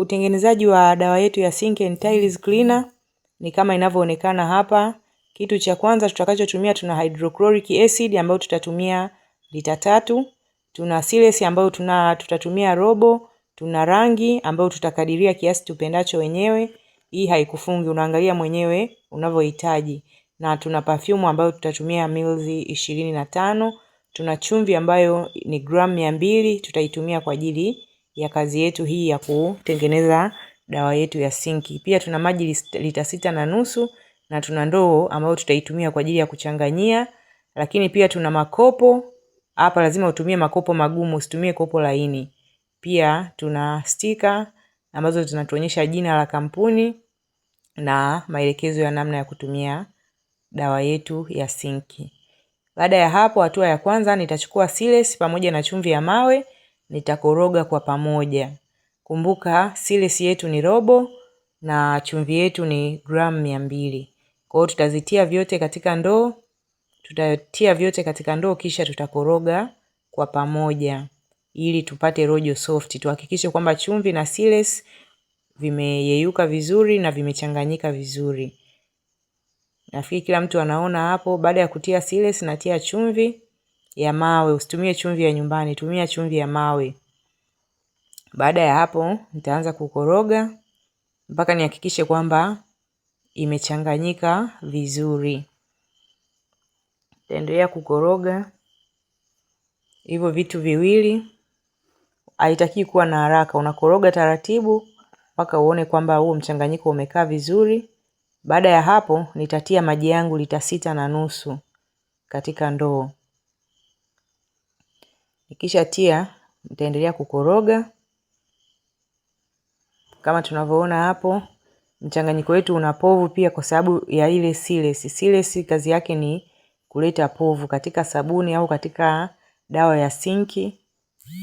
Utengenezaji wa dawa yetu ya Sink and Tiles Cleaner ni kama inavyoonekana hapa. Kitu cha kwanza tutakachotumia tuna hydrochloric acid ambayo tutatumia lita tatu, tuna siles ambayo tuna tutatumia robo, tuna rangi ambayo tutakadiria kiasi tupendacho wenyewe. Hii haikufungi, unaangalia mwenyewe unavyohitaji. Na tuna perfume ambayo tutatumia milzi ishirini na tano, tuna chumvi ambayo ni gramu mia mbili tutaitumia kwa ajili ya kazi yetu hii ya kutengeneza dawa yetu ya sinki. Pia tuna maji lita sita na nusu na tuna ndoo ambayo tutaitumia kwa ajili ya kuchanganyia, lakini pia tuna makopo. Hapa lazima utumie makopo magumu, usitumie kopo laini. Pia tuna stika ambazo zinatuonyesha jina la kampuni na maelekezo ya namna ya kutumia dawa yetu ya sinki. Baada ya hapo, hatua ya kwanza nitachukua siles pamoja na chumvi ya mawe nitakoroga kwa pamoja. Kumbuka silesi yetu ni robo na chumvi yetu ni gramu mia mbili. Kwa hiyo tutazitia vyote katika ndoo, tutatia vyote katika ndoo kisha tutakoroga kwa pamoja ili tupate rojo soft. Tuhakikishe kwamba chumvi na silesi vimeyeyuka vizuri na vimechanganyika vizuri. Nafikiri kila mtu anaona hapo, baada ya kutia silesi natia chumvi ya mawe, usitumie chumvi ya nyumbani, tumia chumvi ya mawe. Baada ya hapo, nitaanza kukoroga mpaka nihakikishe kwamba imechanganyika vizuri. Nitaendelea kukoroga hivyo vitu viwili. haitakii kuwa na haraka, unakoroga taratibu mpaka uone kwamba huo mchanganyiko umekaa vizuri. Baada ya hapo, nitatia maji yangu lita sita na nusu katika ndoo. Nikishatia nitaendelea kukoroga kama tunavyoona hapo. Mchanganyiko wetu una povu pia kwa sababu ya ile silesi. Silesi kazi yake ni kuleta povu katika sabuni au katika dawa ya sinki.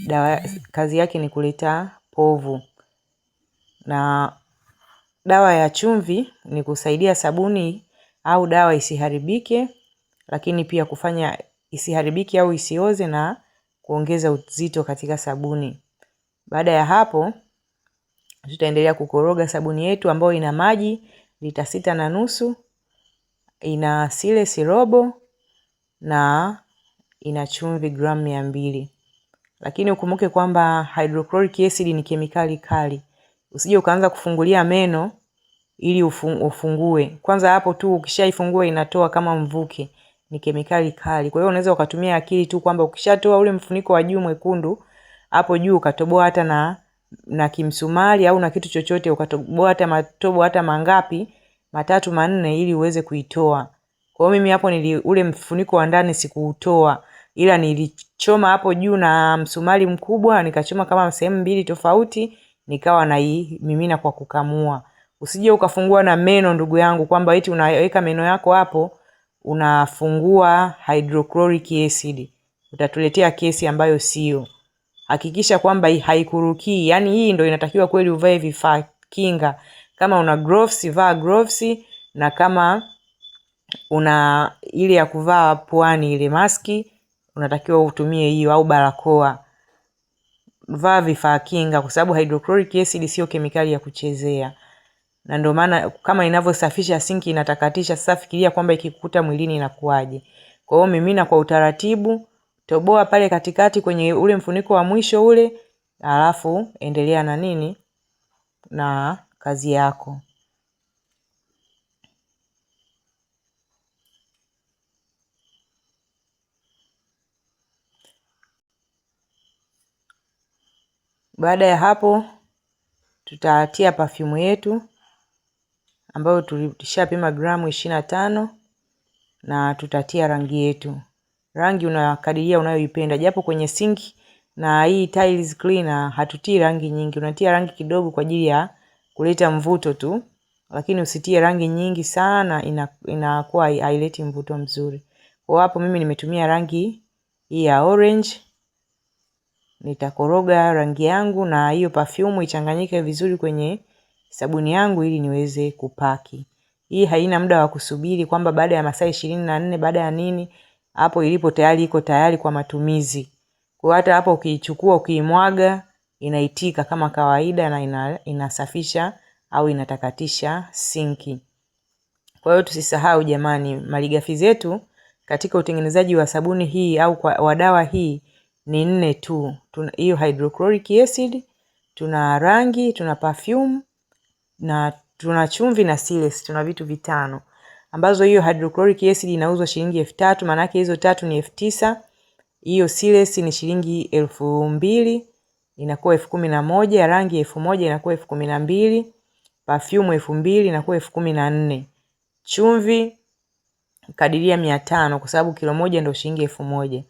Dawa kazi yake ni kuleta povu, na dawa ya chumvi ni kusaidia sabuni au dawa isiharibike, lakini pia kufanya isiharibike au isioze na kuongeza uzito katika sabuni. Baada ya hapo, tutaendelea kukoroga sabuni yetu ambayo ina maji lita sita na nusu, ina silesi robo na ina chumvi gramu mia mbili. Lakini ukumbuke kwamba hydrochloric acid ni kemikali kali, usije ukaanza kufungulia meno ili ufungue. Kwanza hapo tu ukishaifungua inatoa kama mvuke ni kemikali kali. Kwa hiyo unaweza ukatumia akili tu kwamba ukishatoa ule mfuniko wa juu mwekundu, hapo juu ukatoboa hata na na kimsumari au na kitu chochote, ukatoboa hata matobo hata mangapi, matatu manne, ili uweze kuitoa. Kwa hiyo mimi hapo nili ule mfuniko wa ndani sikuutoa, ila nilichoma hapo juu na msumari mkubwa, nikachoma kama sehemu mbili tofauti, nikawa naimimina kwa kukamua. Usije ukafungua na meno ndugu yangu, kwamba eti unaweka meno yako hapo unafungua hydrochloric acid, utatuletea kesi ambayo sio. Hakikisha kwamba haikurukii, yaani hii ndio inatakiwa kweli uvae vifaa kinga. Kama una gloves vaa gloves, na kama una ile ya kuvaa puani ile maski unatakiwa utumie hiyo, au barakoa. Vaa vifaa kinga, kwa sababu hydrochloric acid sio kemikali ya kuchezea na ndio maana kama inavyosafisha sinki inatakatisha. Sasa fikiria kwamba ikikuta mwilini inakuwaje? Kwa hiyo mimina kwa utaratibu, toboa pale katikati kwenye ule mfuniko wa mwisho ule, alafu endelea na nini na kazi yako. Baada ya hapo tutatia pafyumu yetu ambayo tulishapima gramu ishirini na tano na tutatia rangi yetu. Rangi unakadiria unayoipenda, japo kwenye sink na hii tiles cleaner hatutii rangi nyingi, unatia rangi kidogo kwa ajili ya kuleta mvuto tu, lakini usitie rangi nyingi sana, inakuwa ina haileti mvuto mzuri. Kwa hapo mimi nimetumia rangi hii ya orange, nitakoroga rangi yangu na hiyo perfume ichanganyike vizuri kwenye sabuni yangu ili niweze kupaki. Hii haina muda wa kusubiri kwamba baada ya masaa ishirini na nne baada ya nini hapo ilipo tayari iko tayari kwa matumizi. Kwa hata hapo ukiichukua ukiimwaga inaitika kama kawaida na ina, inasafisha au inatakatisha sinki. Kwa hiyo tusisahau jamani, malighafi zetu katika utengenezaji wa sabuni hii au kwa, wa dawa hii ni nne tu. Tuna hiyo hydrochloric acid, tuna rangi, tuna perfume, na tuna chumvi na silesi, tuna vitu vitano ambazo hiyo hydrochloric acid inauzwa shilingi elfu tatu maanake hizo tatu ni elfu tisa hiyo silesi ni shilingi elfu mbili inakuwa elfu kumi na moja rangi elfu moja inakuwa elfu kumi na mbili pafyumu elfu mbili inakuwa elfu kumi na nne chumvi kadiria mia tano kwa sababu kilo moja ndio shilingi elfu moja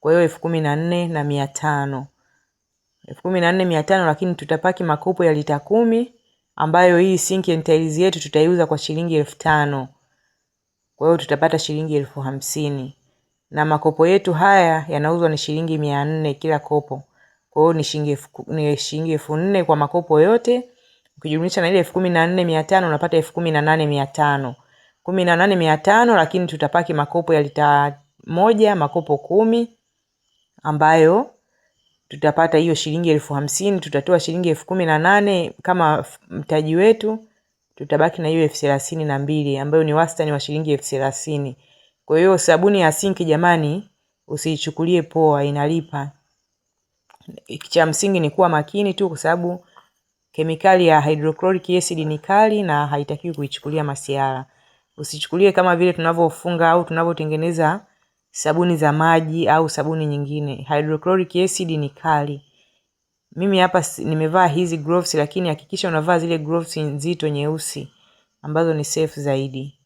kwa hiyo elfu kumi na nne na mia tano elfu kumi na nne mia tano lakini tutapaki makopo ya lita kumi ambayo hii sink and tiles yetu tutaiuza kwa shilingi elfu tano. Kwa hiyo tutapata shilingi elfu hamsini na makopo yetu haya yanauzwa ni shilingi mia nne kila kopo. Kwa hiyo ni shilingi elfu ni shilingi nne kwa makopo yote ukijumlisha na ile elfu kumi na nne mia tano unapata elfu kumi na nane mia tano kumi na nane mia tano lakini tutapaki makopo ya lita moja makopo kumi ambayo tutapata hiyo shilingi elfu hamsini tutatoa shilingi elfu kumi na nane kama mtaji wetu, tutabaki na hiyo elfu thelathini na mbili ambayo ni wastani wa shilingi elfu thelathini. Kwa hiyo sabuni ya sinki jamani, usiichukulie poa, inalipa. Cha msingi ni kuwa makini tu, kwa sababu kemikali ya hydrochloric acid ni kali na haitakiwi kuichukulia masiara. Usichukulie kama vile tunavyofunga au tunavyotengeneza sabuni za maji au sabuni nyingine. Hydrochloric acid ni kali. Mimi hapa nimevaa hizi gloves, lakini hakikisha unavaa zile gloves nzito nyeusi ambazo ni safe zaidi.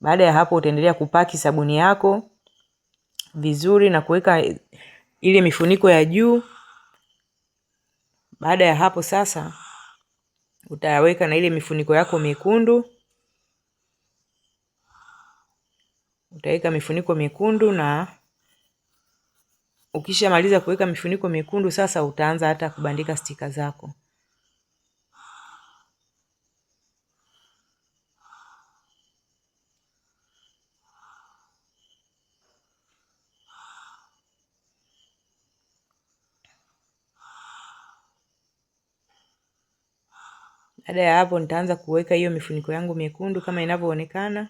Baada ya hapo, utaendelea kupaki sabuni yako vizuri na kuweka ile mifuniko ya juu. Baada ya hapo sasa utaweka na ile mifuniko yako mekundu utaweka mifuniko mekundu na ukishamaliza kuweka mifuniko mekundu, sasa utaanza hata kubandika stika zako. Baada ya hapo nitaanza kuweka hiyo mifuniko yangu mekundu kama inavyoonekana.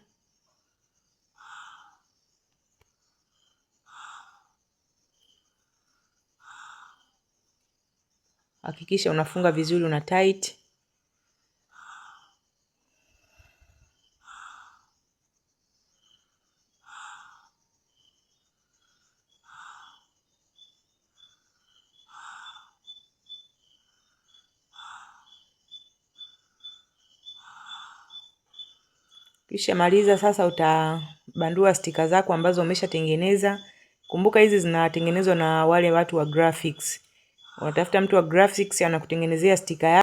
hakikisha unafunga vizuri, una tight. Kisha maliza sasa, utabandua stika zako ambazo umeshatengeneza. Kumbuka hizi zinatengenezwa na wale watu wa graphics. Unatafuta mtu wa graphics anakutengenezea stika yako.